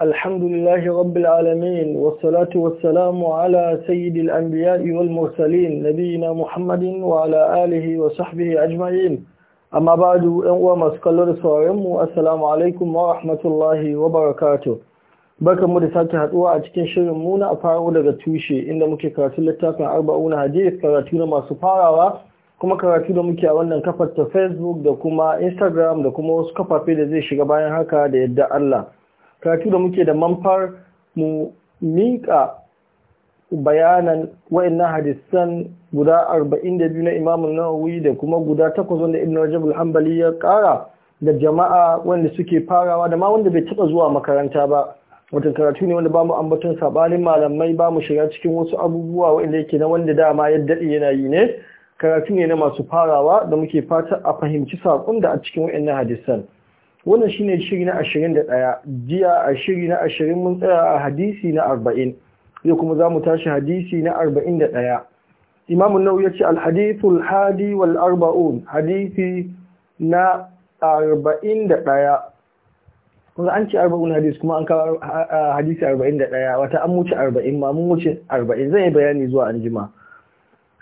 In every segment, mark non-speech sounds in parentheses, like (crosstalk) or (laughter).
الحمد لله رب العالمين والصلاة والسلام على سيد الأنبياء والمرسلين نبينا محمد وعلى آله وصحبه أجمعين أما بعد أنواع مسكالور سوارمو السلام عليكم ورحمة الله وبركاته barkan mu da sake haduwa a cikin shirin mu a faro daga tushe inda muke karatu littafin arba'una hadith karatu na masu farawa kuma karatu da muke a wannan kafar facebook da kuma instagram da kuma wasu kafafe da zai shiga bayan haka da yadda Allah karatu da muke da manfar mu miƙa bayanan wa'annan hadisan guda 42 na Imam Nawawi da kuma guda 8 wanda Ibn Rajab al ya kara da jama'a wanda suke farawa da ma wanda bai taba zuwa makaranta ba wata karatu ne wanda ba mu ambaton sabanin malamai ba mu shiga cikin wasu abubuwa wanda yake na wanda dama ya daɗe yana yi ne karatu ne na masu farawa da muke fata a fahimci saƙon da a cikin wa'annan hadisan wannan shi ne shiri na 21 jiya a shiri na 20 mun tsaya a hadisi na 40 zai kuma za mu tashi hadisi na 41 Imam an-Nawawi yace al-hadithul hadi wal arba'un hadisi na 41 kuma an ce arba'un hadis kuma an kawo hadisi 41 wata an muce 40 ma mun muce 40 zai bayani zuwa anjima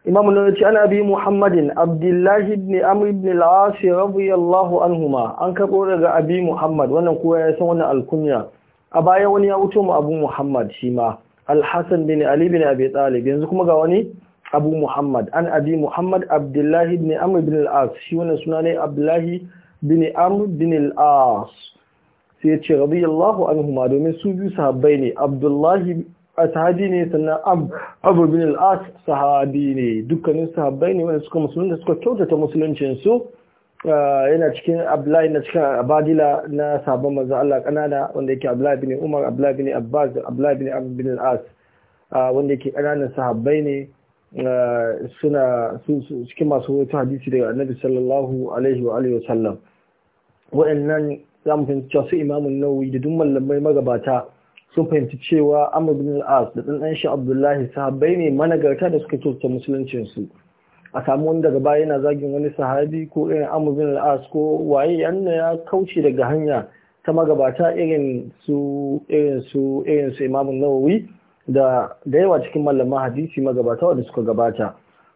imam nawawi ana bi muhammadin abdullahi ibn amr ibn al-as radiyallahu anhuma an karbo daga abi muhammad wannan kowa ya san wannan alkunya a baya wani ya wuce mu abu muhammad shi ma al-hasan bin ali bin abi talib yanzu kuma ga wani abu muhammad an abi muhammad abdullahi ibn amr ibn al-as shi wannan suna ne abdullahi bin amr bin al-as sai ya ce radiyallahu anhuma domin su biyu sahabbai ne abdullahi sahabi ne sannan abu bin al'as sahabi ne dukkanin sahabbai ne wanda suka musulunta suka kyautata musuluncinsu ah, yana cikin abdullahi na cikin abadila na sabon maza Allah kanana wanda yake abdullahi bin umar abdullahi bin abbas abdullahi bin abu bin al'as ah, wanda yake kananan sahabbai ne ah, suna cikin masu wata hadisi daga annabi sallallahu alaihi wa alihi wa sallam waɗannan za mu fahimci cewa su imamun nawawi da duk mallamai magabata sun fahimci cewa amur bin al da ɗanɗan shi Abdullahi sahabbai ne managarta da suka kyauta musuluncin su a samu wani daga baya yana zagin wani sahabi ko irin amur bin al ko waye yana ya kauce daga hanya ta magabata irin su irin su Nawawi da da yawa cikin malaman hadisi magabata wanda suka gabata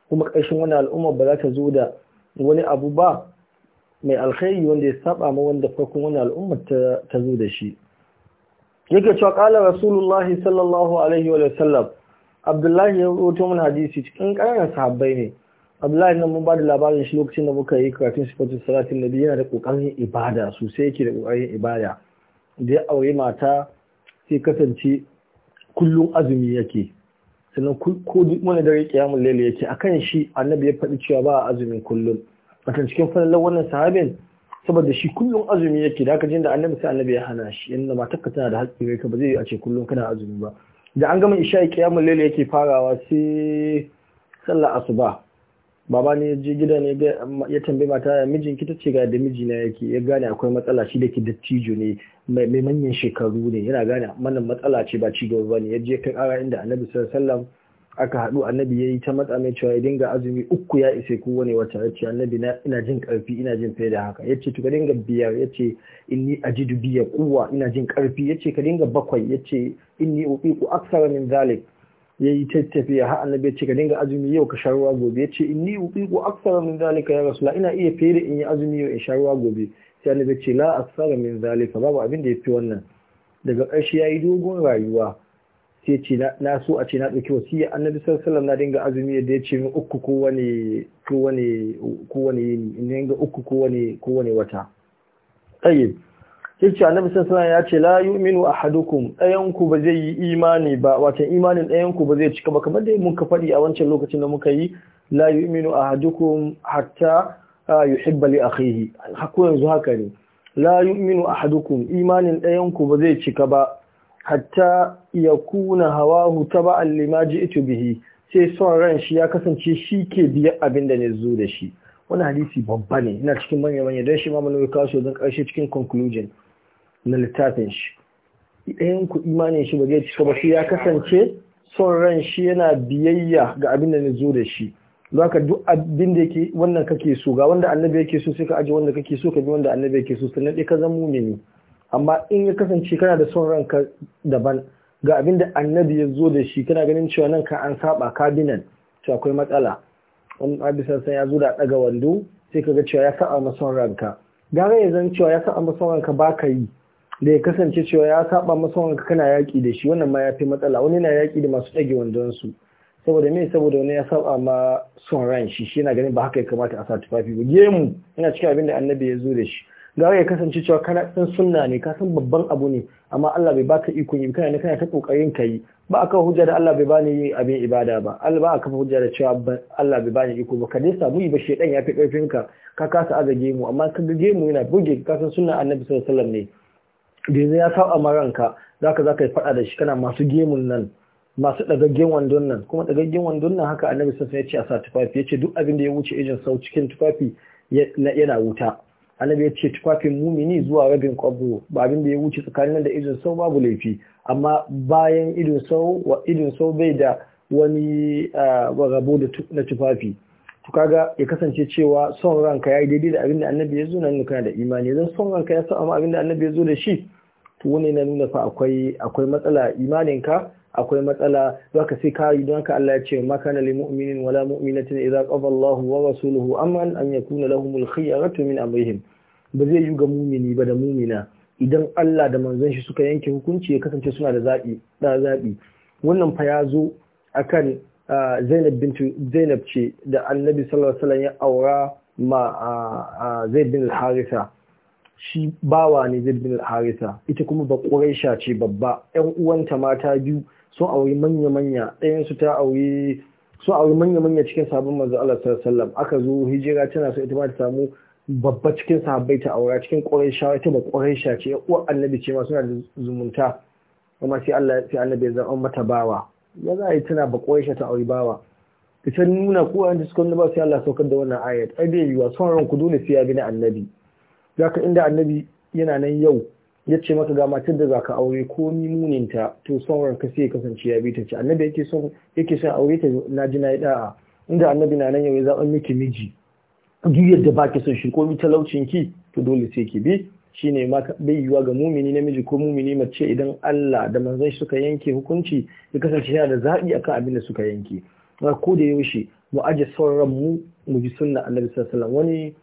kuma ƙarshen wani al'umma ba za ta zo da wani abu ba mai alkhairi wanda ya saba ma wanda farkon wani al'umma ta zo da shi yake cewa kala rasulullahi sallallahu alaihi wa sallam abdullahi ya roto mun hadisi cikin ƙananan sahabbai ne abdullahi nan mun ba da labarin shi lokacin da muka yi karatun sifatun salatin nabi yana da kokarin ibada sosai yake da kokarin ibada da ya aure mata sai kasance kullum azumi yake sannan ko duk wani dare kiyamun lele yake akan shi annabi ya faɗi cewa ba a azumin kullum a cikin falalar wannan sahabin saboda shi kullum azumi yake da aka jinda da annabi sai annabi ya hana shi yanda takka tana da haƙƙi ka ba zai a ce kullum kana azumi ba da an gama isha'i kiyamul lele yake farawa sai sallar asuba baba ne ya je gida ne ya tambaye mata ya mijin ki tace ga da mijina yake ya gane akwai matsala shi da ke dattijo ne mai manyan shekaru ne yana gane mana matsala ce ba cigaba gaba ne ya je kai ara inda annabi sallallahu alaihi aka haɗu annabi ya yi ta matsa mai cewa ya dinga azumi uku ya isa ishe wani wata ya ce annabi ina jin ƙarfi ina jin fiye da haka ya ce ka dinga biyar ya ce inni ajidu biya kuwa ina jin ƙarfi ya ce ka dinga bakwai ya ce inni ku aksara min zalik ya yi tattafiya ha annabi ya ce ka dinga azumi yau ka sharuwa gobe ya ce inni ku aksara min zalika ya rasulullah ina iya fiye da in yi azumi yau in sharuwa gobe sai annabi ya ce la aksara min zalika babu abin da ya fi wannan daga ƙarshe ya yi dogon rayuwa sai ce na so a ce na ɗauki wasiya annabi sallallahu na dinga azumi yadda ya ce min uku ko wani ko wani ko wani in dinga uku ko wani ko wani wata tayyib sai ce annabi sallallahu ya ce la yu'minu ahadukum ɗayan ku ba zai yi imani ba wato imanin ɗayan ku ba zai cika ba kamar dai mun ka faɗi a wancan lokacin da muka yi la yu'minu ahadukum hatta yuhibba li akhihi hakko yanzu haka ne la yu'minu ahadukum imanin ɗayan ku ba zai cika ba hatta ya kuna hawahu taba'an lima ji'tu bihi sai son ran shi ya kasance shi ke biya abin da ne zo da shi wani hadisi babba ne ina cikin manya manya don shi ma mun kawo don karshe cikin conclusion na littafin shi ɗayan ku imanin shi ba zai ci ba shi ya kasance son ran shi yana biyayya ga abin da ne zo da shi za duk abin da yake wannan kake so ga wanda annabi yake so sai ka aje wanda kake so ka bi wanda annabi yake so sannan dai ka zama mumini amma in ya kasance kana da son ranka daban ga abin da annabi ya zo da shi kana ganin cewa nan ka an saba kabinan to akwai matsala wani abisan san ya zo da daga wando sai ka ga cewa ya saba ma son ranka gara ya zan cewa ya saba ma son ranka ba ka yi da ya kasance cewa ya saba ma son ranka kana yaki da shi wannan ma ya fi matsala wani na yaki da masu ɗage wandon su saboda me saboda wani ya saba ma son ran shi shi yana ganin ba haka ya kamata a sa tufafi ba gemu yana cikin abin da annabi ya zo da shi gawa ya kasance cewa kana san sunna ne ka san babban abu ne amma Allah bai baka ikon yi kana kana ta kokarin ka yi ba aka hujja da Allah bai bani yin abin ibada ba Allah ba aka hujja da cewa Allah bai bani iko ba ka dai samu yi ba shedan ya fi karfin ka ka kasa azage mu amma ka ga gemu yana buge ka san sunna Annabi sallallahu alaihi wasallam ne da yanzu ya saba maranka zaka zaka faɗa da shi kana masu gemun nan masu dagaggen wandon nan kuma dagaggen wandon nan haka Annabi sallallahu alaihi wasallam ya ce a sa tufafi ya ce duk abin da ya wuce ijin sau cikin tufafi yana wuta annabi ya ce tufafin mumini zuwa rabin kwabo ba abin da ya wuce tsakanin da idon sau babu laifi amma bayan idon sau wa idon sau bai da wani ah, rabo na tufafi to kaga ya kasance cewa son ranka ya yi daidai da abin da annabi ya zo nan nuna da imani zan son ranka ya sa amma abin da annabi ya zo da shi to wani na nuna fa akwai akwai matsala imaninka akwai matsala zaka sai kai don ka Allah ya ce na lil mu'minin wala mu'minatin idza qada Allahu wa rasuluhu amman an yakuna lahumul khiyaratu min amrihim ba zai yuga mumini ba da mumina idan Allah da manzon shi suka yanke hukunci ya kasance suna da zabi da zabi wannan fa ya zo akan Zainab bintu Zainab ce da Annabi sallallahu alaihi wasallam ya aura ma Zaid bin haritha shi bawa ne Zaid bin Harisa ita kuma ba Quraisha ce babba 'yan uwanta mata biyu sun wuyi manya-manya ɗayan su ta auri a wuyi manya-manya cikin sabon manzo Allah sallallahu aka zo hijira tana so ita ma ta samu babba cikin sahabbai ta aura cikin ƙuraysha ita ba ƙuraysha ce uwar annabi ce ma suna da zumunta Amma sai Allah sai annabi ya zama mata bawa ya za a yi tana ba ƙuraysha ta auri bawa ita nuna ko an ji suka nuna ba sai Allah saukar da wannan ayat ai da yiwa son ranku ku dole sai ya bi na annabi zaka inda annabi yana nan yau ya ce maka ga matar da za ka aure ko ta to sauran ka sai kasance ya bi ta ce annabi yake son son aure ta na ji na yi da'a inda annabi na nan yau ya zaɓa miki miji duk yadda ba ki son shi ko mi talaucin ki to dole sai ki bi shine ma bai yiwa ga mumini namiji ko mumini mace idan Allah da manzon shi suka yanke hukunci ya kasance yana da zaɓi akan abin da suka yanke ko da yaushe mu aje sauran mu mu ji sunna annabi sallallahu alaihi wasallam wani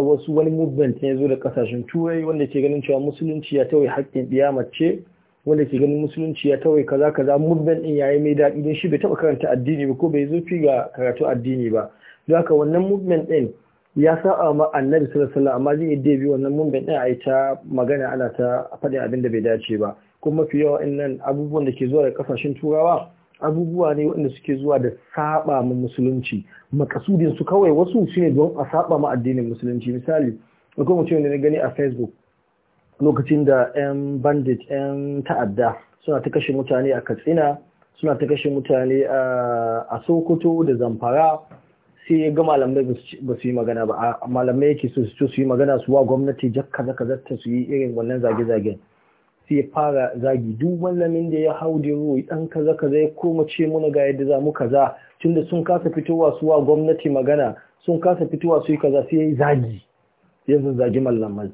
wasu wani movement ya zo da kasashen turai wanda ke ganin cewa musulunci ya tawai haƙƙin ɗiya ce wanda ke ganin musulunci ya tawai kaza kaza movement ɗin yi mai daɗi don shi bai taɓa karanta addini ba ko bai zo fi ga karatu addini ba don haka wannan movement ɗin ya saba ma annabi sallallahu alaihi wasallam amma zai iya bi wannan movement ɗin a yi ta magana ana ta faɗin abin da bai dace ba kuma mafi yawa nan abubuwan da ke zuwa da kasashen turawa abubuwa ne waɗanda suke zuwa da saba ma musulunci makasudin su kawai wasu ne don a saba ma addinin musulunci misali akwai mutum da na gani a facebook lokacin da yan bandit yan ta'adda suna ta kashe mutane a katsina suna ta kashe mutane a sokoto da zamfara sai ya ga malamai ba su yi magana ba malamai yake so su yi magana su wa gwamnati jakka zaka zata su yi irin wannan zage-zagen sai fara zagi duk mallamin da ya hau da ruwa dan kaza kaza ya koma ce muna ga yadda za mu kaza tunda sun kasa fitowa su wa gwamnati magana sun kasa fitowa su yi kaza sai ya yi zagi ya zagi mallamai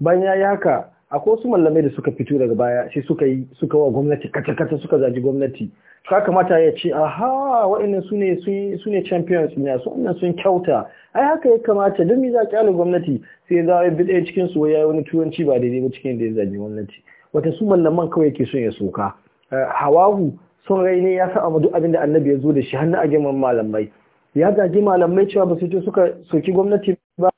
bayan ya yi haka akwai wasu mallamai da suka fito daga baya sai suka yi suka wa gwamnati kata-kata suka zagi gwamnati ka kamata ya ce aha wa'annan su ne su ne champions ne su wannan sun kyauta ai haka ya kamata don me za ki gwamnati sai za a bi ɗaya cikin su ya yi wani turanci ba daidai ba cikin da ya zagi gwamnati wata su mallaman kawai ke son ya soka eh, hawahu son rai ne ya san amadu duk abin annabi ya zo da shi hannu a girman malamai ya gaji malamai cewa ba su ce suka soki gwamnati ba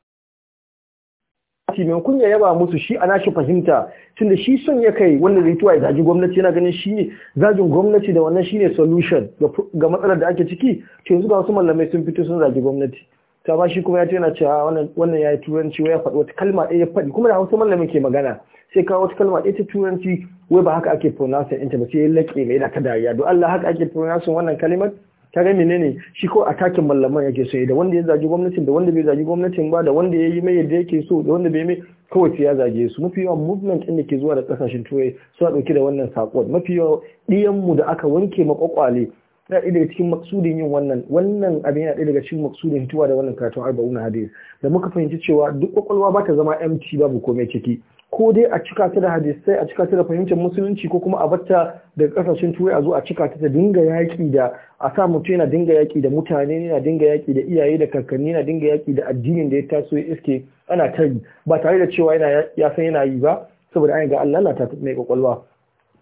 mai kunya yaba musu shi ana shi fahimta tunda shi son ya kai wanda zai tuwa ya zaji gwamnati yana ganin shi ne zajin gwamnati da wannan shi ne solution ga matsalar da ake ciki to yanzu ga wasu mallamai sun fito sun zagi gwamnati ta ba shi kuma ya tana cewa wannan ya yi turanci ya faɗi wata kalma ɗaya ya faɗi kuma da hausa mallamin ke magana sai kawo wata kalma ɗaya ta turanci wai ba haka ake pronouncing ɗinta ba sai ya laƙe mai da ta dariya don Allah haka ake pronouncing wannan kalmar ta ga menene shi ko takin mallaman yake so da wanda ya zagi gwamnatin da wanda bai zagi gwamnatin ba da wanda ya yi mai yadda yake so da wanda bai mai kawai sai ya zage su mafi yawan movement ɗin da ke zuwa da ƙasashen turai suna ɗauki da wannan saƙon mafi yawan ɗiyanmu da aka wanke makwakwale Yana ɗaya daga cikin maksudin yin wannan wannan abin yana ɗaya daga cikin maksudin hituwa da wannan karatun na hadis da muka fahimci cewa duk kwakwalwa ba ta zama MT babu komai ciki ko dai a cika ta da hadisai a cika ta da fahimtar musulunci ko kuma a batta daga kasashen turai a zo a cika ta da dinga yaƙi da a sa mutum yana dinga yaƙi da mutane yana dinga yaƙi da iyaye da kakanni yana dinga yaƙi da addinin da ya taso ya iske ana tari ba tare da cewa yana ya san yana yi ba saboda an ga Allah ta mai kwakwalwa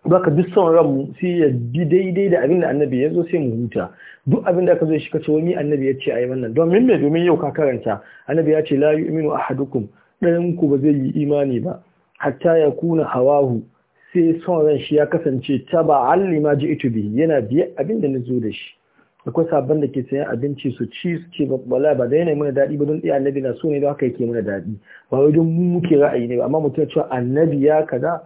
baka duk son ran sai ya bi daidai da abin da annabi ya zo sai mu huta duk abin da aka zo shi kace wani annabi ya ce ayi wannan domin me domin yau ka karanta annabi ya ce la yu'minu ahadukum dan ku ba zai yi imani ba hatta ya kuna hawahu sai son ran shi ya kasance ta taba allima ji'tu bi yana bi abin da nazo da shi akwai sabon da ke sayan abinci su ci su ce babbala ba da yana mana daɗi ba don tsaye annabi na so ne da haka yake mana daɗi ba wai don mu muke ra'ayi ne ba amma mutum ya cewa annabi ya kaza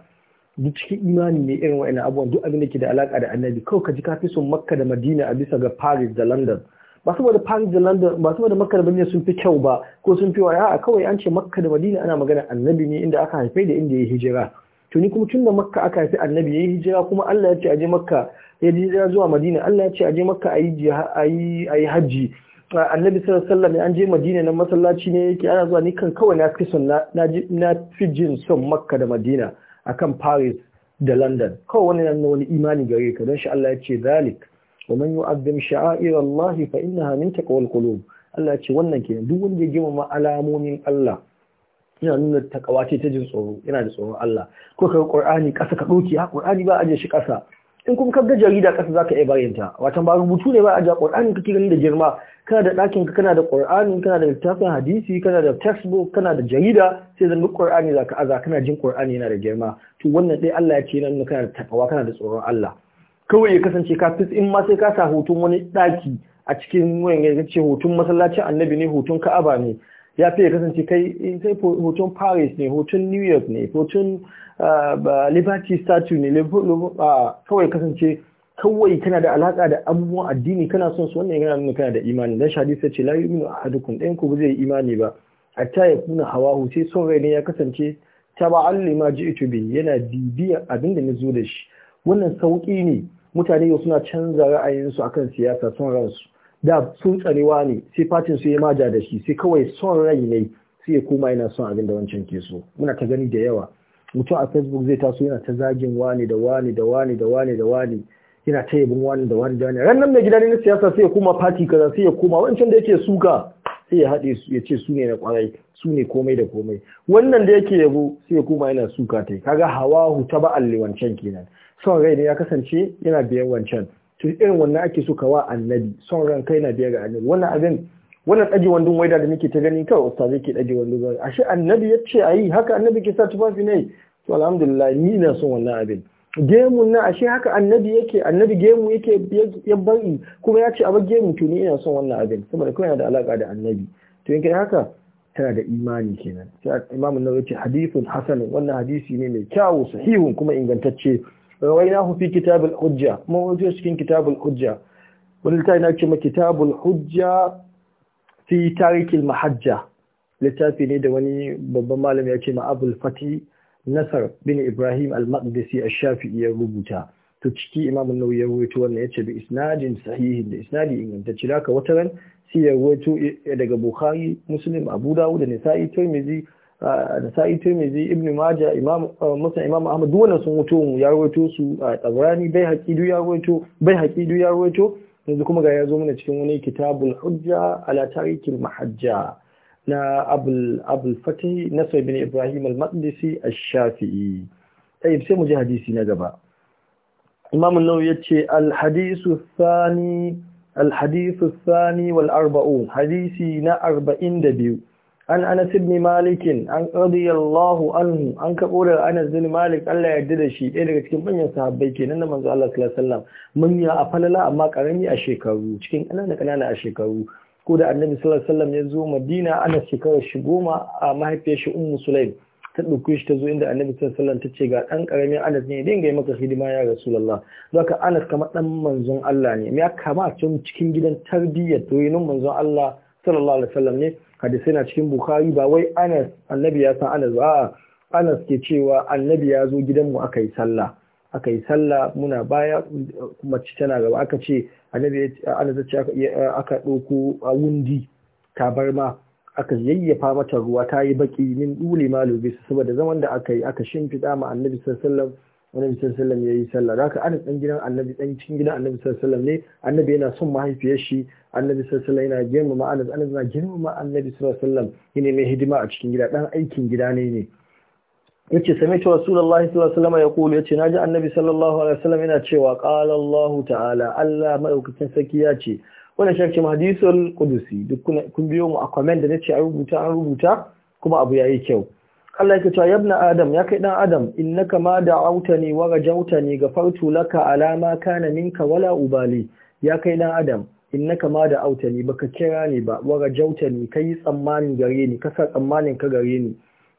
duk cikin imani ne irin wa'ina abubuwan duk abin da ke da alaka da annabi kawai ka ji ka son makka da madina a bisa ga paris da london ba saboda paris da london ba saboda makka da madina sun fi kyau ba ko sun fi waya a kawai an ce makka da madina ana magana annabi ne inda aka haife da inda ya hijira to ni kuma tunda makka aka haifi annabi ya yi hijira kuma allah ya ce a je makka ya hijira zuwa madina allah ya ce a je makka a yi a yi hajji annabi sallallahu alaihi wasallam an je madina nan masallaci ne yake ana zuwa ni kan kawai na fi son na fi jin son makka da madina akan Paris da London kawai wani nan wani imani gare ka don shi Allah ya ce zalik wa man yu'azzim sha'air Allah fa innaha min taqwal qulub Allah ya ce wannan kenan duk wanda ya girmama alamomin Allah yana nuna takawa ce ta jin tsoro yana da tsoron Allah ko ka Qur'ani kasa ka dauki ha ah, ƙur'ani ba aje shi kasa in kuma ka ga jarida kasa zaka iya bayyanta watan ba rubutu ne ba aje Qur'ani kake gani da girma kana da ɗakin ka kana da ƙur'ani kana da littafin hadisi kana da textbook kana da jarida sai zan duk ƙur'ani za ka aza kana jin ƙur'ani yana da girma to wannan ɗaya Allah ya ce nan kana da takawa kana da tsoron Allah kawai ya kasance ka fi in ma sai ka sa hoton wani ɗaki a cikin wayan ya ce hoton masallacin annabi ne hoton ka'aba ne ya fi ya kasance kai sai hoton paris ne hoton new york ne hoton ah, liberty statue ne ah, kawai kasance kawai kana da alaka da abubuwan addini kana son su wannan yana nuna kana da imani dan shadi sai ce la yu'minu ahadukum dan ku zai imani ba hatta ya kuna hawahu sai son rai ne ya kasance taba'alli ma ji'tu bi yana bibiyar abin da nazo da shi wannan sauki ne mutane yau suna canza ra'ayinsu akan siyasa son ransu da sun tsarewa ne sai fatin su ya maja da shi sai kawai son rai ne sai ya koma yana son abin da wancan ke so muna ta gani da yawa mutum a facebook zai taso yana ta zagin wani da wani da wani da wani da wani yana ta yabin wani da wani jami'a. mai gida ne na siyasa sai ya koma fati kaza sai ya koma wancan da yake suka sai ya haɗe ya ce su ne na kwarai su ne komai da komai wannan da yake yabo sai ya koma yana suka ta kaga hawahu ta alli wancan kenan son rai ne ya kasance yana biyan wancan to irin wannan ake so wa annabi son ran kai na biya ga annabi wannan abin wannan ɗaji wandon waida da nake ta gani kawai zai ke ɗaji wandon waida ashe annabi ya ce a yi haka annabi ke sa tufafi ne to alhamdulillah ni na son wannan abin Gemu na ashe haka annabi yake annabi gemu yake yan bari kuma ya ce a bar gemu to ni ina son wannan abin saboda kuma yana da alaka da annabi to in kai haka tana da imani kenan sai imamu nawawi yace hadithun hasan wannan hadisi ne mai kyawu sahihun kuma ingantacce rawainahu fi kitabul hujja kuma wajen cikin kitabul hujja wani littafi na ce ma kitabul hujja fi tarikil mahajja littafi ne da wani babban malami ya ce ma abul fati nasar bin ibrahim al-maqdisi a shafii ya rubuta to ciki imam an-nawawi ya rubuta wannan yace bi isnadin sahihin da isnadi ingantacce laka wata ran sai ya rubuta daga bukhari muslim abu dawud da nisa'i tirmidhi tirmidhi ibn majah imam musa imam ahmad duk wannan sun mu ya rubuto su tabrani bai haqidu ya rubuto bai haqidu ya rubuto yanzu kuma ga ya zo mana cikin wani kitabul hujja ala tarikil mahajja na abul fatih nasar ibrahim al-maqdisi al-shafi'i tayyib sai mu ji hadisi na gaba imam an-nawawi yace al al-hadisu thani wal arba'un hadisi na 42 an anas ibn malikin an radiyallahu anhu an kabo da anas malik Allah ya yarda da shi ɗaya daga cikin manyan sahabbai kenan na manzo Allah sallallahu alaihi wasallam manya a falala amma karami a shekaru cikin ƙanana ƙanana a shekaru ko da annabi sallallahu ya zo madina ana shekarar shi goma a mahaifiyar shi ummu sulaim ta ɗauke shi ta zo inda annabi sallallahu ta ce ga ɗan ƙaramin anas ne dinga yi maka hidima ya rasulullah zaka anas kamar ɗan manzon Allah ne ya kama can cikin gidan tarbiyyar doyinin manzon Allah sallallahu alaihi wasallam ne hadisi na cikin bukhari ba wai anas annabi ya san anas ba anas ke cewa annabi ya zo gidanmu aka yi sallah aka yi sallah muna baya mace tana gaba aka ce annabi ana zace aka ɗauko wundi ta bar ma. aka yayyafa mata ruwa ta yi baki min dule malubi su saboda zaman da aka yi aka shimfiɗa ma annabi sallallahu annabi sallallahu ya yi sallah haka ana dan gidan annabi dan cikin gidan annabi sallallahu ne annabi yana son mahaifiyar shi annabi sallallahu yana girmama annabi annabi yana girmama annabi sallallahu yana mai hidima a cikin gida dan aikin gida ne ne yace sami'tu rasulullahi sallallahu alaihi wasallam yaqulu yace naji annabi sallallahu alaihi wasallam yana cewa qala Allah ta'ala Allah madaukakin saki ya ce wannan shakki hadisul qudusi duk kun biyo mu a comment da ce a rubuta an rubuta kuma abu yayi kyau Allah yake cewa yabna adam ya kai dan adam innaka ma da'awtani wa rajawtani gafartu laka alama kana minka wala ubali ya kai dan adam in innaka ma da'awtani baka kira ni ba wa rajawtani kai tsammani gare ni kasa tsammanin ka gare ni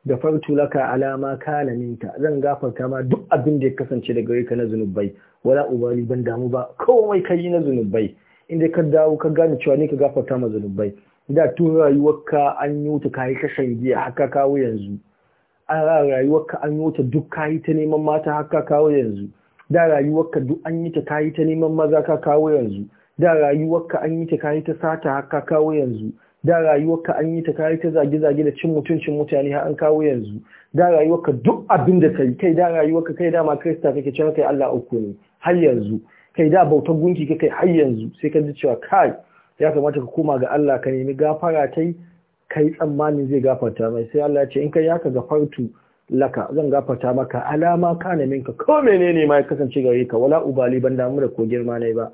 gafartu laka ala ma kana minka zan gafarta ma duk abin da ya kasance daga gare ka na zunubai wala ubali ban damu ba komai ka yi na zunubai inda ka dawo ka gane cewa ne ka gafarta ma zunubai da tun rayuwarka an yi wuta kayi kashin giya haka kawo yanzu a rayuwarka an yi wuta duk kayi ta neman mata haka kawo yanzu da rayuwarka duk an yi ta kayi ta neman maza ka kawo yanzu da rayuwarka an yi ta kayi ta sata haka kawo yanzu da rayuwarka an yi ta kayi ta zage-zage da cin mutuncin mutane har an kawo yanzu da rayuwarka duk abin da kai kai da rayuwarka kai dama krista kake cewa kai Allah uku ne har yanzu kai da bautar gunki kake har yanzu sai ka ji cewa kai ya kamata ka koma ga Allah ka nemi gafara ka kai tsammanin zai gafarta mai sai Allah ya ce in kai ya ka gafartu laka zan gafarta maka alama kana minka ko menene ma ya kasance gare ka wala ubali ban damu da ko girma ne ba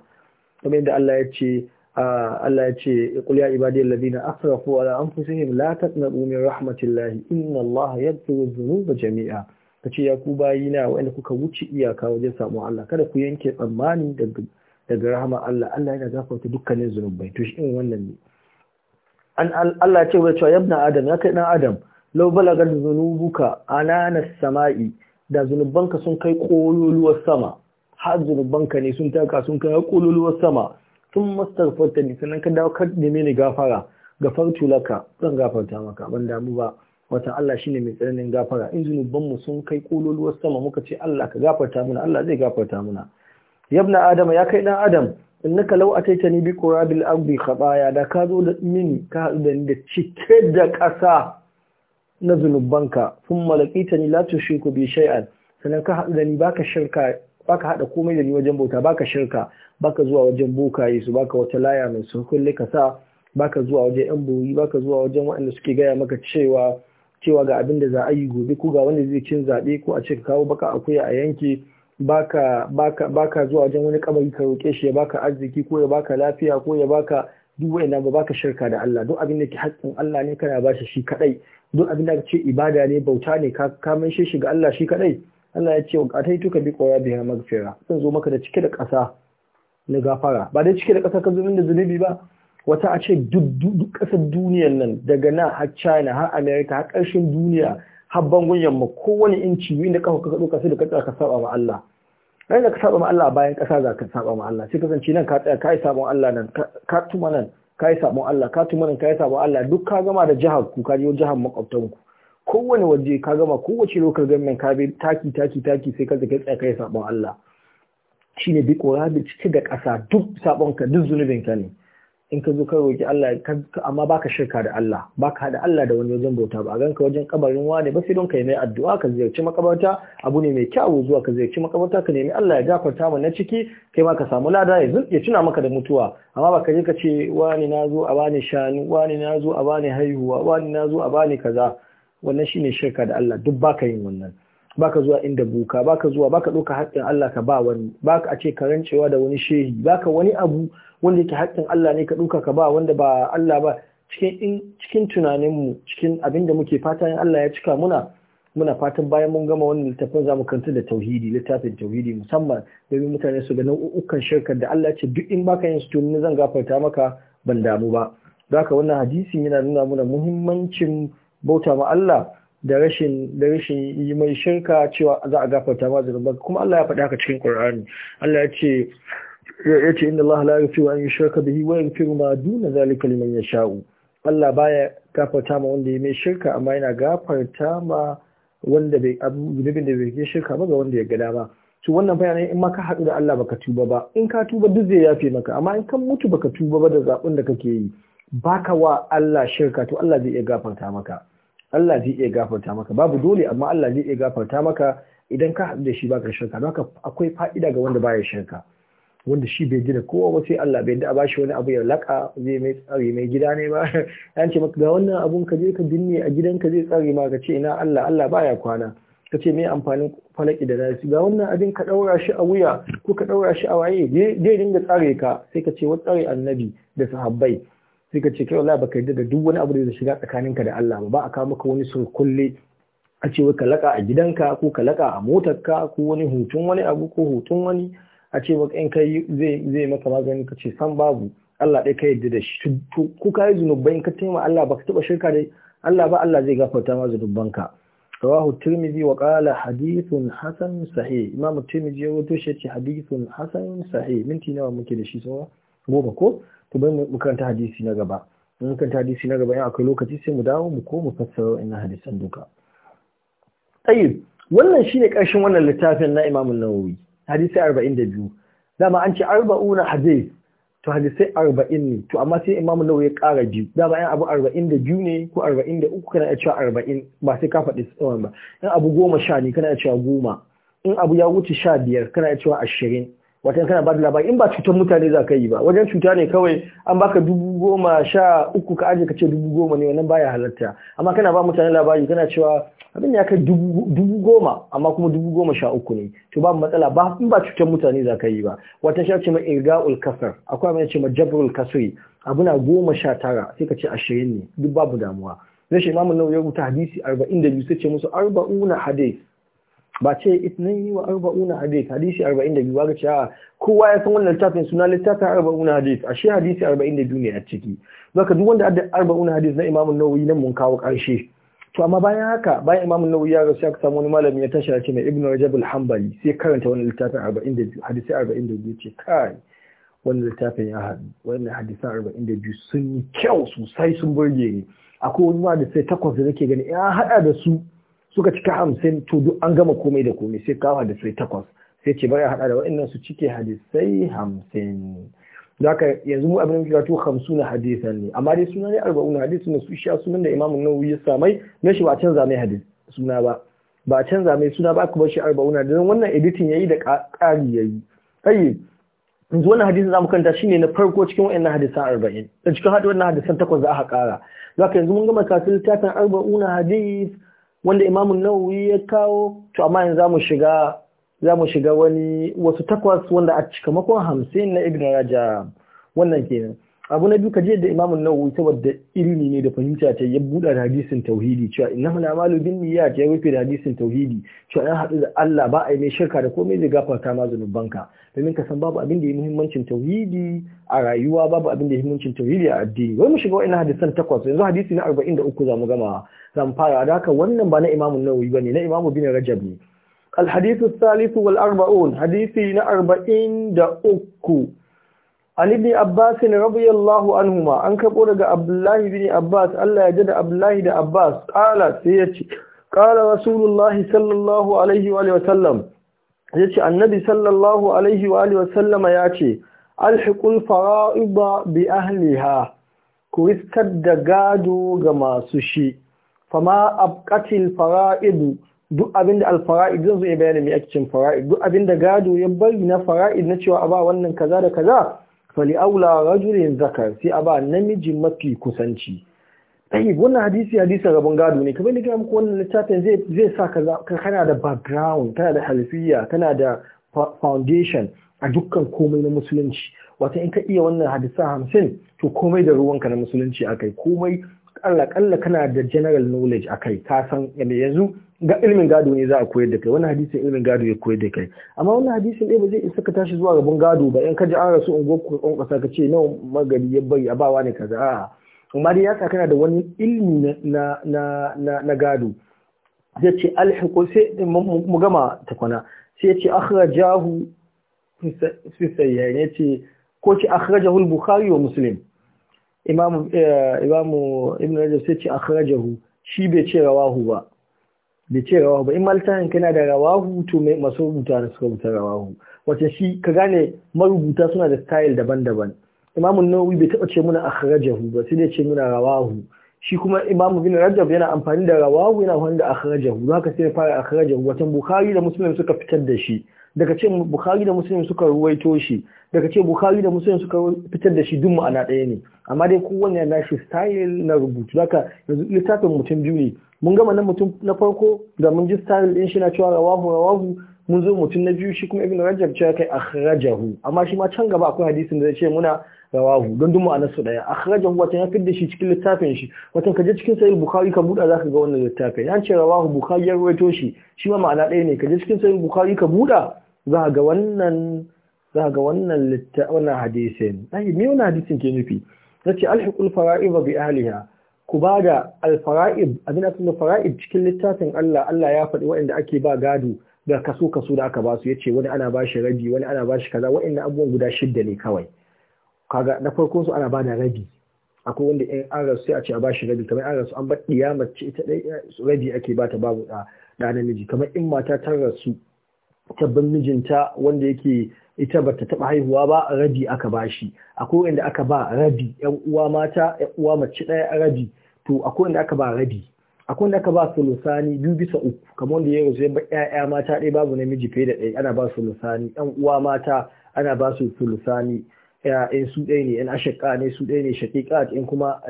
kamar yadda Allah ya ce Allah ya ce qul ya ibadiyal ladina asrafu ala anfusihim la taqnatu min rahmatillahi inna Allah zuru dhunuba jami'a ce ya ku wa wanda kuka wuce iyaka wajen samu Allah kada ku yanke tsammani daga rahma rahama Allah Allah yana gafarta dukkanin zunubai to shi in wannan ne Allah Allah ce wa yabna adam ya kai ɗan adam law balagar zunubuka ananas sama'i da zunubanka sun kai kololuwar sama har zunubanka ne sun taka sun kai kololuwar sama tun mastaghfarta ne sannan ka dawo ka neme ni gafara gafartu laka zan gafarta maka ban damu ba wata Allah shine mai tsananin gafara in zunuban mu sun kai kololuwar sama muka ce Allah ka gafarta mana Allah zai gafarta mana yabna adam ya kai dan adam innaka law ataitani bi qurabil ardi khabaya da ka zo da mini ka hadu da ni da cike da kasa na zunubanka sun malakita malaki la tushriku bi shay'an sannan ka hadu da ni baka shirka baka hada komai da ni wajen bauta baka shirka baka zuwa wajen bokaye su baka wata laya mai sun ka sa baka zuwa wajen yan boyi baka zuwa wajen waɗanda suke gaya maka cewa cewa ga abin da za a yi gobe ko ga wanda zai cin zaɓe ko a ce ka kawo baka akuya a yanki baka baka zuwa wajen wani kabari ka roƙe shi ya baka arziki ko ya baka lafiya ko ya baka duk wa'ina ba baka shirka da Allah duk abin da ke haƙƙin Allah ne kana bashi shi kadai duk abin da ce ibada ne bauta ne ka kamun shi ga Allah shi kadai Allah ya ce wa tuka bi qawabiha maghfira zan zo maka da cike da ƙasa na gafara ba dai cike da ƙasa ka zo da zunubi ba wata a ce duk ƙasar duniyar nan daga nan har China har America har ƙarshen duniya har bangon yamma kowane inci inda kafa ka ɗauka sai da ka tsaya ka saba ma Allah ran da ka saba ma Allah bayan ƙasa za ka saba ma Allah sai ka zance nan ka tsaya ka yi sabon Allah nan ka tuma nan ka yi sabon Allah ka tuma nan ka yi sabon Allah duk ka gama da jihar ku ka jiyo jihar makwabtan ku kowane waje ka gama kowace local government ka bi taki taki taki sai ka zaka tsaka kai sabon Allah shine bi kora da cike da ƙasa duk sabon ka duk zunubin ka ne in ka zo ka roki Allah amma baka shirka da Allah baka hada Allah da wani wajen bauta ba a gan ka wajen kabarin wane ba sai don kai mai addu'a ka ziyarci makabarta abu ne mai kyawu zuwa ka ziyarci makabarta ka nemi Allah ya gafarta mu na ciki kai ma ka samu lada ya ya tuna maka da mutuwa amma baka je ka ce wani na zo a bani shanu wani na zo a bani haihuwa wani na zo a bani kaza wannan shine shirka da Allah duk baka yin wannan baka zuwa inda buka baka zuwa baka ɗauka haƙƙin Allah ka ba wani baka a ce ka rancewa da wani shehi baka wani abu wanda yake haƙƙin Allah ne ka ɗauka ka ba wanda ba Allah ba cikin cikin tunanin mu cikin abin da muke fata in Allah ya cika muna muna fatan bayan mun gama wannan littafin zamu kanta da tauhidi littafin tauhidi musamman domin mutane su ga nau'ukan shirkar da Allah ce duk in baka yin su to zan gafarta maka ban damu ba haka wannan hadisin yana nuna muna muhimmancin bauta ma Allah da rashin da rashin yi mai shirka cewa za a gafarta ma zunuban kuma Allah ya faɗa ka cikin Qur'ani Allah ya ce ya ce inna Allah la yaghfiru an yushraka bihi wa yaghfiru ma duna zalika liman yasha'u Allah baya gafarta ma wanda ya mai shirka amma yana gafarta ma wanda bai zunubin da bai shirka ba ga wanda ya ga dama to wannan bayanin in ma ka haɗu da Allah baka tuba ba in ka tuba duk zai yafe maka amma in kan mutu baka tuba ba da zaɓin da kake yi baka wa Allah shirka to Allah zai iya gafarta maka Allah zai iya gafarta maka babu dole amma Allah zai iya gafarta maka idan ka haɗu da shi baka shirka don haka akwai fa'ida ga wanda baya shirka wanda shi bai gina kowa ba sai Allah bai da bashi wani abu ya laka zai mai tsare mai gida ne ba (laughs) an ce maka ga wannan abun ka je ka binne a gidanka zai tsare ma ka ce ina Allah Allah baya kwana ka ce mai amfanin falaki da nasi ga wannan abin ka ɗaura shi a wuya ko ka ɗaura shi a waye zai dinga tsare ka sai ka ce wa tsare annabi da sahabbai sai ka ce kai wallahi baka yarda da duk wani abu da zai shiga tsakaninka da Allah ba ba a kawo maka wani surkulle a ce wai ka laka a gidanka ko ka laka a motarka ko wani hutun wani abu ko hutun wani a ce maka in kai zai zai maka magani ka ce san babu Allah dai ka yarda da shi ko ka yi zunubai ka taima Allah baka taba shirka dai Allah ba Allah zai gafarta ma zunubanka rawahu tirmidhi wa qala hadithun hasan sahih imam tirmidhi ya wato shi ce hadithun hasan sahih minti nawa muke da shi sawa goma ko to bai mu karanta hadisi na gaba mun karanta hadisi na gaba in akwai lokaci sai mu dawo mu ko mu fassara wannan hadisan duka tayyib wannan shine karshen wannan littafin na Imam an-Nawawi hadisi 42 dama an ce 40 hadis to hadisai 40 ne to amma sai Imam nawawi ya ƙara biyu dama in abu 42 ne ko 43 kana iya cewa 40 ba sai ka faɗi tsawon ba in abu 10 ne kana iya cewa 10 in abu ya wuce 15 kana cewa 20 watan kana ba labari in ba cutar mutane za ka yi ba wajen cuta ne kawai an baka dubu goma sha uku ka aje ka ce dubu goma ne wannan baya halarta amma kana ba mutane labari kana cewa abin ya kai dubu goma amma kuma dubu goma sha uku ne to babu matsala ba in ba cutar mutane za ka yi ba wata sha ce ma irga kasar akwai mai ce ma jabrul kasri abuna goma sha tara sai ka ce ashirin ne duk babu damuwa zai imamu nawawi ya rubuta hadisi arba'in da biyu sai ce musu arba'una hadis ba ce yi wa arba'una hadith hadisi 42 ba ga cewa kowa ya san wannan littafin suna littafin arba'una hadith ashe hadisi 42 ne a ciki zaka duk wanda da arba'una hadith na Imam Nawawi nan mun kawo karshe to amma bayan haka bayan Imam Nawawi ya rasu aka samu wani malami ya tashi ake mai Ibn Rajab al-Hanbali sai karanta wannan littafin 42 hadisi 42 ce kai wannan littafin ya haɗu wannan hadisan 42 sun yi kyau sosai sun burge ni akwai wani ma da sai takwas da nake gani ya haɗa da su suka cika hamsin to duk an gama komai da komai sai kawo sai takwas sai ce bari a hada da wa'annan su cike hadisai hamsin zaka yanzu mu abin da to hamsin na hadisan ne amma dai suna ne arba'un hadisi ne su sha sunan da imamun nawawi ya samai na shi ba canza mai hadis suna ba ba canza mai suna ba bar shi arba'un da wannan editing yayi da ƙari yayi kai yanzu wannan hadisin zamu kanta shine na farko cikin wa'annan hadisan arba'in cikin hadisan takwas a aka kara zaka yanzu mun gama karatun littafin arba'una hadis wanda imamun nawawi ya kawo to amma yanzu zamu shiga zamu shiga wani wasu takwas wanda a cikamakon hamsin na ibn raja wannan kenan abu na biyu ka je da imamun nawawi saboda ilimi ne da fahimta ta ya buɗa da hadisin tauhidi cewa innahu malu bin niyyat ya rufe da hadisin tauhidi cewa ya haɗu da Allah ba a yi mai shirka da komai zai gafarta ma zanubanka domin ka san babu abin da ya muhimmancin tauhidi a rayuwa babu abin da ya muhimmancin tauhidi a addini wai mu shiga wa'annan hadisan takwas yanzu hadisi na arba'in da za zamu gama zamu fara da haka wannan ba na imamun nawawi ne, na imamu bin rajab ne الحديث الثالث والأربعون حديثي نأربعين دا أكو Ali bin Abbas radiyallahu anhuma an kabo daga Abdullahi bin Abbas Allah ya ji da Abdullahi da Abbas kala sai ya ce kala Rasulullahi sallallahu alaihi wa sallam, ya ce annabi sallallahu alaihi wa sallama ya ce alhiqul fara'ida bi ahliha ku riskar da gado ga masu shi fama abqatil fara'idu duk abinda alfara'id zan zo ya bayani me ake cin fara'id duk abinda gado ya bari na fara'id na cewa a ba wannan kaza da kaza fali aula rajulin zakar sai a ba namiji mafi kusanci ɗaya wannan hadisi hadisi rabon gado ne kamar nika muku wannan littafin zai sa ka kana da background kana da halfiya kana da foundation a dukkan komai na musulunci wata in ka iya wannan hadisa hamsin to komai da ruwanka na musulunci a kai, komai Allah kana da general knowledge akai ka san yanzu ga ilmin gado ne za a koyar da kai wani hadisin ilmin gado ya koyar da kai amma wani hadisin ɗaya ba zai isa ka tashi zuwa gaban gado ba in ka ji an rasu in unguwar in ƙasa ka ce nawa magari ya bari a bawa ne kaza a'a amma dai ya sa kana da wani ilimi na na na na gado zai ce alhiko sai mu gama takwana sai ya ce jahu fi sayyan ya ce ko ce akhrajahu al-bukhari wa muslim imamu eh, imamu ibn rajab sai ce akhrajahu shi bai ce rawahu ba bai ce rawahu ba in maltahin kana da rawahu to mai masu rubuta da suka rubuta rawahu wace shi ka gane marubuta suna da style daban-daban imamun nawawi bai taba ce muna akhrajahu ba sai dai ce muna rawahu shi kuma imamu bin rajab yana amfani da rawahu yana amfani da akhrajahu haka sai fara akhrajahu fara bukhari da muslim suka fitar da shi daga ce bukhari da muslim suka ruwaito shi daga ce bukhari da muslim suka fitar da shi duk ma'ana ɗaya ne amma dai kowanne ya nashi style na rubutu haka yanzu littafin mutum biyu ne mun gama nan mutum na farko da mun ji style din shi na cewa rawahu rawahu mun zo mutum na biyu shi kuma ibn rajab cewa kai akhrajahu amma shi ma can gaba akwai hadisin da zai ce muna rawahu don duk a su daya akhrajahu wata ya fidda shi cikin littafin shi wata ka je cikin sahih bukhari ka buda zaka ga wannan littafin an ce rawahu bukhari ya rawaito shi shi ma ma'ana ɗaya ne ka je cikin sahih bukhari ka buda za ga wannan zaka ga wannan littafin wannan hadisin ai me wannan hadisin ke nufi nace alhiqul fara'id bi ahliha ku ba da alfara'id abin asalin fara'id cikin littafin Allah Allah ya faɗi waɗanda ake ba gado ga kaso kaso da aka ba su yace wani ana ba shi rabi wani ana ba shi kaza Waɗanda abubuwan guda shidda ne kawai kaga na farko su ana ba da rabi akwai wanda in an rasu sai a ce a ba shi rabi kamar an rasu an bar diyamar ce ita ɗai rabi ake ba ta babu da da namiji kamar in mata ta rasu tabban mijinta wanda yake ita ba ta taɓa haihuwa ba rabi aka bashi akwai wanda aka ba rabi yan uwa mata yan uwa mace ɗaya rabi to akwai wanda aka ba rabi akwai wanda aka ba sulusani biyu bisa uku kamar wanda ya yanzu ya mata ɗaya babu namiji fiye da ɗaya ana ba sulusani ɗan uwa mata ana ba su sulusani ƴaƴan su ɗaya ne ɗan ashaƙa ne su ɗaya ne shaƙiƙa in kuma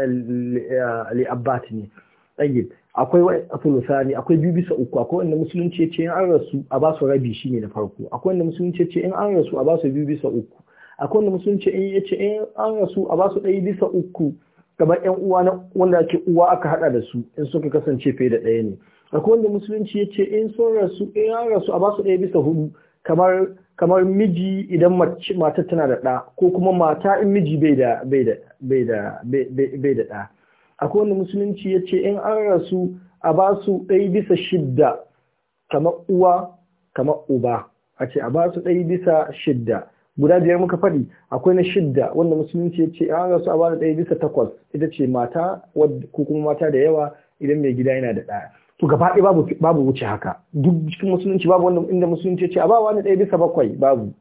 li'abbat ne ɗayyib akwai sulusani akwai biyu bisa uku akwai wanda musulunci ya ce in an rasu a ba su rabi shine na farko akwai wanda musulunci ya ce in an rasu a ba su biyu bisa uku akwai wanda musulunci ya ce in an rasu a ba su ɗaya bisa uku kamar ƴan uwa na wanda ake uwa aka hada da su in suka kasance fiye da ɗaya ne akwai wanda musulunci ya ce in sun rasu in ya rasu a basu ɗaya bisa hudu kamar kamar miji idan mace matar tana da ɗa ko kuma mata in miji bai da bai da bai da bai da ɗa akwai wanda musulunci ya ce in an rasu a basu ɗaya bisa shidda kamar uwa kamar uba a ce a basu ɗaya bisa shidda guda biyar muka faɗi akwai na shidda wanda musulunci ya ce an rasu a bada ɗaya bisa takwas ita ce mata ko kuma mata da yawa idan mai gida yana da ɗaya to gaba ɗaya babu wuce haka duk cikin musulunci babu wanda inda musulunci ya ce a ba wani ɗaya bisa bakwai babu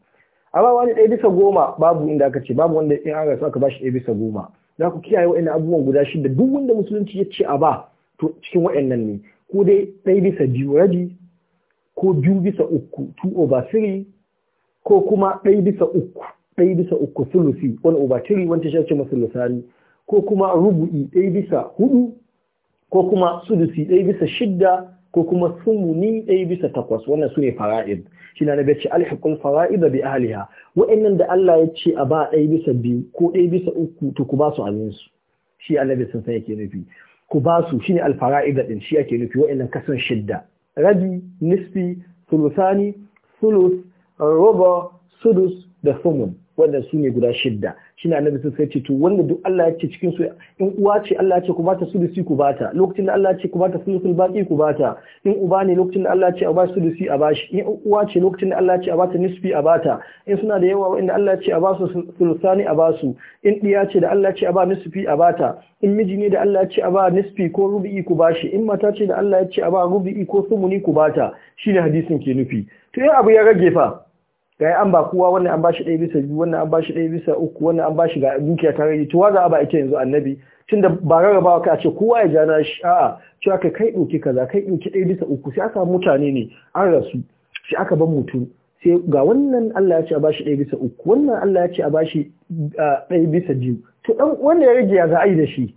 a ba wani ɗaya bisa goma babu inda aka ce babu wanda in an rasu aka ba shi ɗaya bisa goma za ku kiyaye waɗannan abubuwan guda shidda duk wanda musulunci ya ce a ba to cikin waɗannan ne ko dai ɗaya bisa biyu rabi ko biyu bisa uku two over three ko kuma ɗai bisa uku ɗai bisa uku sulusi wani ubatiri wani shi ce masu lusani ko kuma rubu'i ɗai bisa hudu ko kuma sulusi ɗai bisa shidda ko kuma sumuni ɗai bisa takwas wannan su ne fara'id shi na daga ce alhikul fara'ida bi ahliha wa'annan da Allah ya ce a ba ɗai bisa biyu ko ɗai bisa uku to ku ba su shi annabi sun san yake nufi ku ba su shine alfara'ida ɗin shi yake nufi wa'annan kasan shidda rabi nisfi sulusani sulus ruba sudus da sumun wanda su ne guda shidda shi na nabi sun sai to wanda duk Allah ya ce cikin su in uwa ce Allah ya ce ku bata sudusi ku bata lokacin da Allah ya ce ku bata sulusul baqi ku bata in uba ne lokacin da Allah ya ce a bashi sudusi a bashi in uwa ce lokacin da Allah ya ce a bata nisfi a bata in suna da yawa wanda Allah ya ce a basu sulusani a basu in diya ce da Allah ya ce a ba nisfi a bata in miji ne da Allah ya ce a ba nisfi ko rubi'i ku bashi in mata ce da Allah ya ce a ba rubi'i ko sumuni ku bata shine hadisin ke nufi to in abu ya rage fa ga an ba kowa wannan an bashi ɗaya bisa biyu wannan an bashi ɗaya bisa uku wannan an bashi ga dukiya ta rage tuwa za a ba ita yanzu annabi tunda ba rarrabawa a ce kowa ya jana shi a'a cewa kai kai ɗauki kaza kai ɗauki ɗaya bisa uku sai aka mutane ne an rasu sai aka ban mutum sai ga wannan Allah ya ce a bashi ɗaya bisa uku wannan Allah ya ce a bashi ɗaya bisa biyu to ɗan wanda ya rage ya za a yi da shi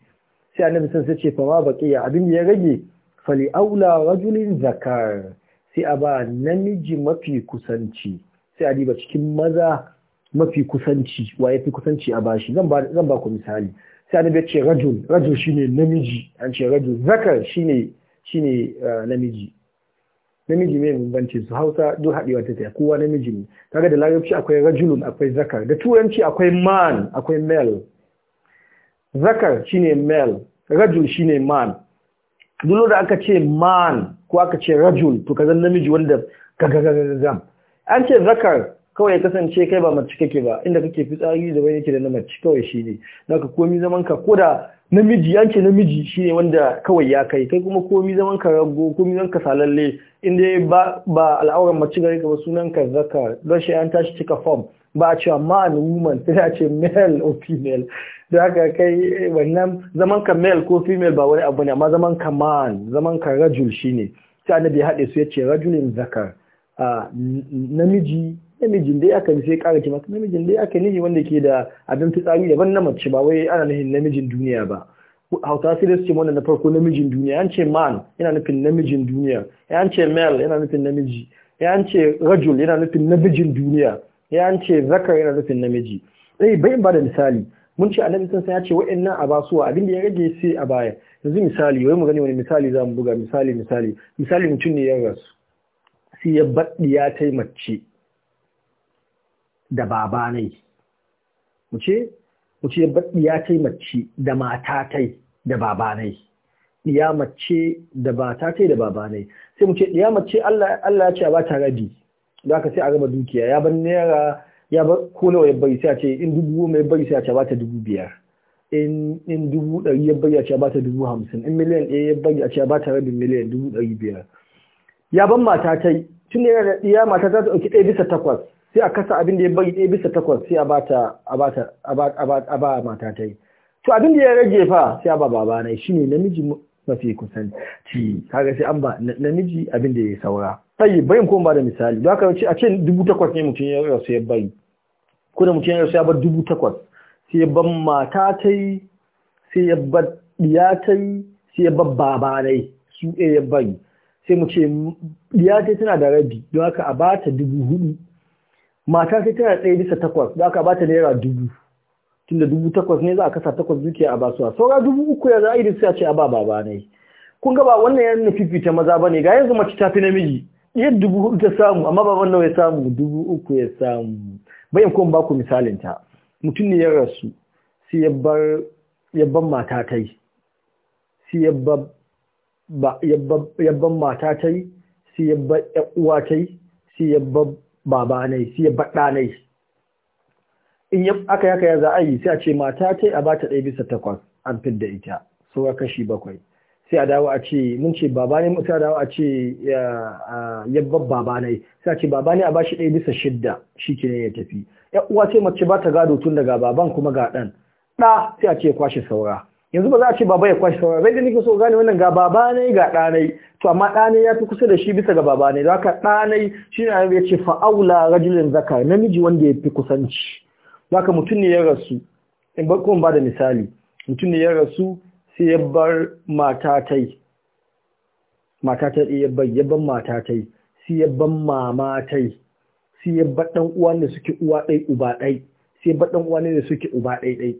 sai annabi sun sai ce fa ma baqiya abin da ya rage fali aula rajulin zakar sai a ba namiji mafi kusanci sai a diba cikin maza mafi kusanci wa ya fi kusanci a bashi zan ba ku misali sai annabi ya ce rajul rajul shi ne namiji an ce rajul zakar shi ne uh, namiji namiji mai bambanci su hausa duk haɗewa ta tsaye kowa namiji ne kaga da larabci akwai rajulun akwai zakar da turanci akwai man akwai Mel. zakar shi ne Mel, rajul shi ne man duk da aka ce man ko aka ce rajul to kazan namiji wanda gagagagagam an ce zakar kawai ya kasance kai ba mace kake ba inda kake fitsari da wani yake da na mace kawai shine naka komi zaman ka koda namiji an ce namiji shine wanda kawai ya kai kai kuma komi zaman ka rago komi zaman ka salalle inda ba ba al'auran mace gari ka ba sunan ka zakar don shi an tashi cika form ba a cewa man woman sai a ce male or female da haka kai eh, wannan zaman ka male ko female ba wani abu ne amma zaman ka man zaman ka rajul shine sai annabi ya haɗe su ya ce rajulin zakar namiji namijin dai aka sai kara kima maka namijin dai aka nihi wanda ke da abin fitsari daban na mace ba wai ana nihin namijin duniya ba hauta sai da su ce wannan na farko namijin duniya an ce man yana nufin namijin duniya ya ce male yana nufin namiji ya ce rajul yana nufin namijin duniya ya ce zakar yana nufin namiji dai eh, ba da misali mun ce annabi sun ya ce wa'annan a basuwa abin da ya rage sai a baya yanzu misali wai mu gani wani misali za mu buga misali misali misali mutum ne ya rasu sai ya baɗi ya taimace da babanai Muce ce ya baɗi ya taimace da matatai da babanai Ya mace da ba ta kai da babanai. ne sai mu ce mace Allah ya ce ba ta rabi za ka sai a raba dukiya ya ban naira ya ba ko nawa ya bari sai a ce in dubu goma ya bari sai a ce ba ta dubu biyar in dubu ɗari ya bari a ce ba ta dubu hamsin in miliyan ɗaya ya bari a ce ba ta rabin miliyan dubu ɗari biyar ya ban mata ta yi tun da yana da mata ta ɗauki ɗaya bisa takwas sai a kasa abin da ya bari ɗaya bisa takwas sai a ba a ba mata ta yi to abin da ya rage fa sai a ba baba na shi ne namiji mafi kusanci kaga sai an ba namiji abin da ya saura sai bayin ko ba da misali don haka a ce dubu takwas ne mutum ya rasu ya bai ko da mutum ya rasu ya bar dubu takwas sai ya ban mata ta yi sai ya bar ɗiya ta yi sai ya bar baba na su ɗaya ya bari sai mu ce Ya ce tana da rabi don haka a ba ta dubu hudu mata sai tana tsaye bisa takwas don haka a ba ta naira dubu tunda dubu takwas ne za a kasa takwas dukiya a basuwa saura dubu uku ya za a yi sai a ce a ba baba ne kun ga ba wannan yana fifita maza ba ne ga yanzu mace ta fi namiji yadda dubu hudu ta samu amma baban nawa ya samu dubu uku ya samu bayan kuma ba ku misalin ta mutum ne ya rasu sai ya bar ya bar mata tai sai ya bar yabban mata ta yi sai yabban uwa ta yi sai yabban baba na yi sai yabban ɗa na yi in aka yaka ya za a yi sai a ce mata ta yi a ba ta ɗaya bisa takwas an fidda ita saura kashi bakwai sai a dawo a ce mun ce baba ne sai a dawo a ce yabban baba yi, sai a ce baba ne a shi ɗaya bisa shidda shi ke ya tafi uwa ce mace ba ta gado tun daga baban kuma ga ɗan ɗa sai a ce kwashe saura yanzu ba za a ce baba ya kwashe sauran zai da nake so gane wannan ga baba ne ga ɗanai to amma ɗanai ya fi kusa da shi bisa ga baba ne don haka ɗanai shi ne ya ce fa'aula rajulin zakar namiji wanda ya fi kusanci Da haka mutum ne ya rasu in ba kuma ba da misali mutum ne ya rasu sai ya bar matatai matatai ya bar ya bar matatai sai ya bar mamatai sai ya bar ɗan uwa ne suke uwa ɗai uba ɗai sai ya bar ɗan uwa ne suke uba ɗai ɗai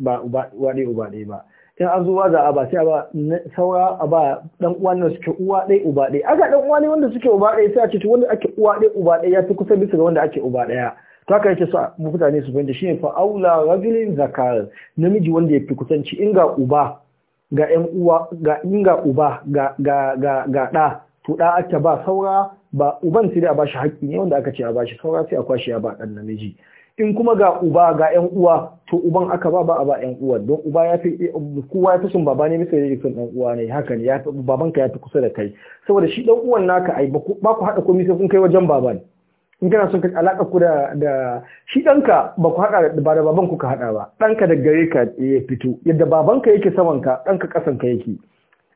ba uba ɗai uba ɗai ba in an zo za a ba sai ba saura a ba dan uwan da suke uwa ɗaya uba ɗaya aka dan uwa ne wanda suke uba ɗaya sai a ce wanda ake uwa ɗaya uba ɗaya ya fi kusa bisa ga wanda ake uba ɗaya to haka yake so mutane su fahimta shine fa aula rajulin zakar namiji wanda ya fi kusanci in ga uba ga ƴan uwa ga in ga uba ga ga ga ga ɗa to da ake ba saura ba uban sai a bashi haƙƙi ne wanda aka ce a bashi saura sai a kwashi ya ba dan namiji in kuma ga uba ga ƴan uwa to uban aka ba ba a ba ƴan uwa don uba ya fi kowa ya fi son baba ne misali ya fi ɗan uwa ne haka ne babanka ya fi kusa da kai saboda shi ɗan uwan naka ai ba ku haɗa komai sai kun kai wajen baban. in kana son ka alaƙa ku da shi ɗanka ba ku haɗa ba da baban ku ka haɗa ba ɗanka da gare ka ya fito yadda baban ka yake saman ka ɗanka ƙasan ka yake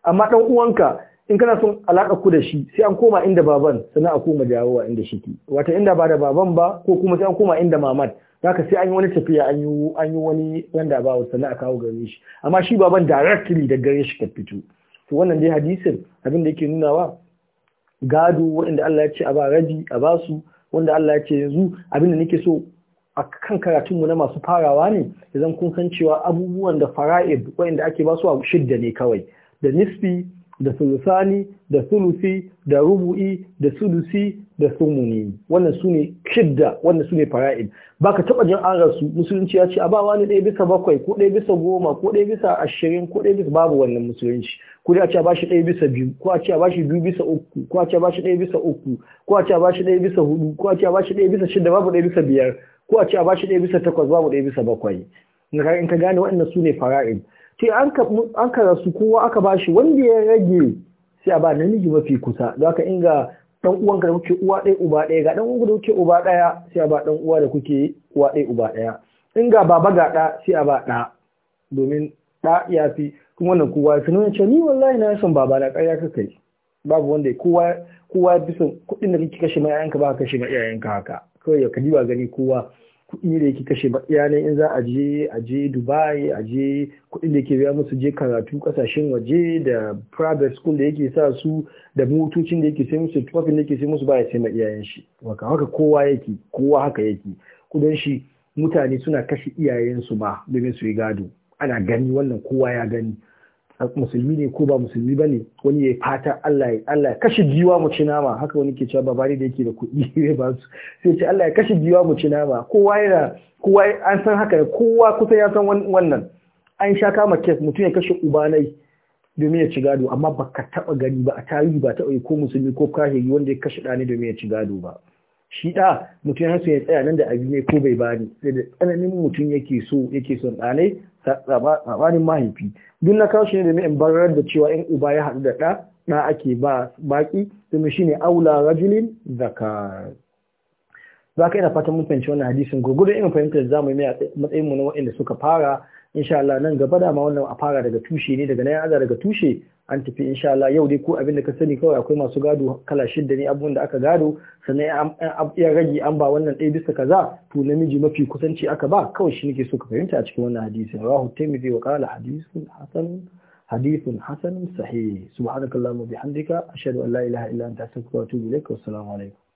amma ɗan uwanka in kana son alaƙa ku da shi sai an koma inda baban sannan a koma jawowa inda shi ke wata inda ba da baban ba ko kuma sai an koma inda maman zaka sai an yi wani tafiya an yi an wani wanda ba sannan a kawo gare shi amma shi baban directly da gare shi ka fito to wannan dai hadisin abin da yake nunawa gado wanda Allah ya ce a ba raji a ba su wanda Allah ya ce yanzu abin da nake so a kan karatunmu na masu farawa ne idan kun san cewa abubuwan da fara'id wanda ake ba su a shidda ne kawai da nisfi da sulusani da sulusi da rubu'i da sulusi da sumuni wannan su ne shidda wannan su ne fara'id ba ka taɓa jin an rasu musulunci ya ce a ba wani ɗaya bisa bakwai ko ɗaya bisa goma ko ɗaya bisa ashirin ko ɗaya bisa babu wannan musulunci ko ya a ce a bashi ɗaya bisa biyu ko a ce a bashi biyu bisa uku ko a ce a bashi ɗaya bisa uku ko a ce a bashi ɗaya bisa hudu ko a ce a bashi ɗaya bisa shidda babu ɗaya bisa biyar ko a ce a bashi ɗaya bisa takwas babu ɗaya bisa bakwai in ka gane waɗannan su ne fara'id sai an ka rasu kowa aka ba shi wanda ya rage sai a ba namiji mafi kusa za ka inga dan uwanka da kuke uwa ɗaya uba ɗaya ga dan uwanka da kuke uba ɗaya sai a ba dan uwa da kuke uwa ɗaya uba ɗaya in ga baba ga ɗa sai a ba ɗa domin ɗa ya fi kuma wannan kowa ya fi nuna cewa ni wallahi na son baba na ƙarya ka kai babu wanda kowa kowa ya fi son kuɗin da kake kashe ma yayanka ba ka kashe ma iyayenka haka kawai ka diba gani kowa kuɗi da yake kashe ba ne in za a je a je dubai a je kuɗin da ke biya musu je karatu kasashen waje da private school da yake sa su da motocin da yake sai musu tufafin da yake sai musu baya sai ma iyayen shi waka haka kowa yake kowa haka yake kudan shi mutane suna kashe iyayen su ma domin su yi gado ana gani wannan kowa ya gani musulmi ne ko ba musulmi ba ne wani ya fata Allah ya Allah ya kashe jiwa mu ci nama haka wani ke cewa babari da yake da kuɗi ne (laughs) ba su sai ce Allah ya kashe jiwa mu ci nama kowa yana kowa an san haka kowa kusa ya san wannan an sha kama kes mutum ya kashe ubanai domin ya ci gado amma baka taba gani ba a tarihi ba taba yi ko musulmi ko kahiri wanda ya kashe ɗani domin ya ci gado ba shi da mutum ya ya tsaya nan da abi ne ko bai bani sai da tsananin mutum yake so yake son ɗanai tsabanin mahaifi duk na kawo shi ne domin in barar da cewa in uba ya haɗu da ɗa ɗa ake ba baki domin shi ne aula rajulin zakar za ka na fatan mun fahimci wannan hadisin gurgurun irin fahimtar za mu yi matsayin mu na waɗanda suka fara insha Allah nan gaba da wannan a fara daga tushe ne daga nayan yaza daga tushe an tafi insha Allah yau dai ko abin da ka sani kawai akwai masu gado kala shidda ne abubuwan da aka gado sannan ya rage an ba wannan ɗaya bisa kaza to namiji mafi kusanci aka ba kawai shi nake so ka fahimta a cikin wannan hadisi rawahu tirmidhi wa kala hadisun hasan hadisun hasan sahih subhanakallahumma bihamdika ashhadu an la ilaha illa anta astaghfiruka wa atubu ilaik wa assalamu alaikum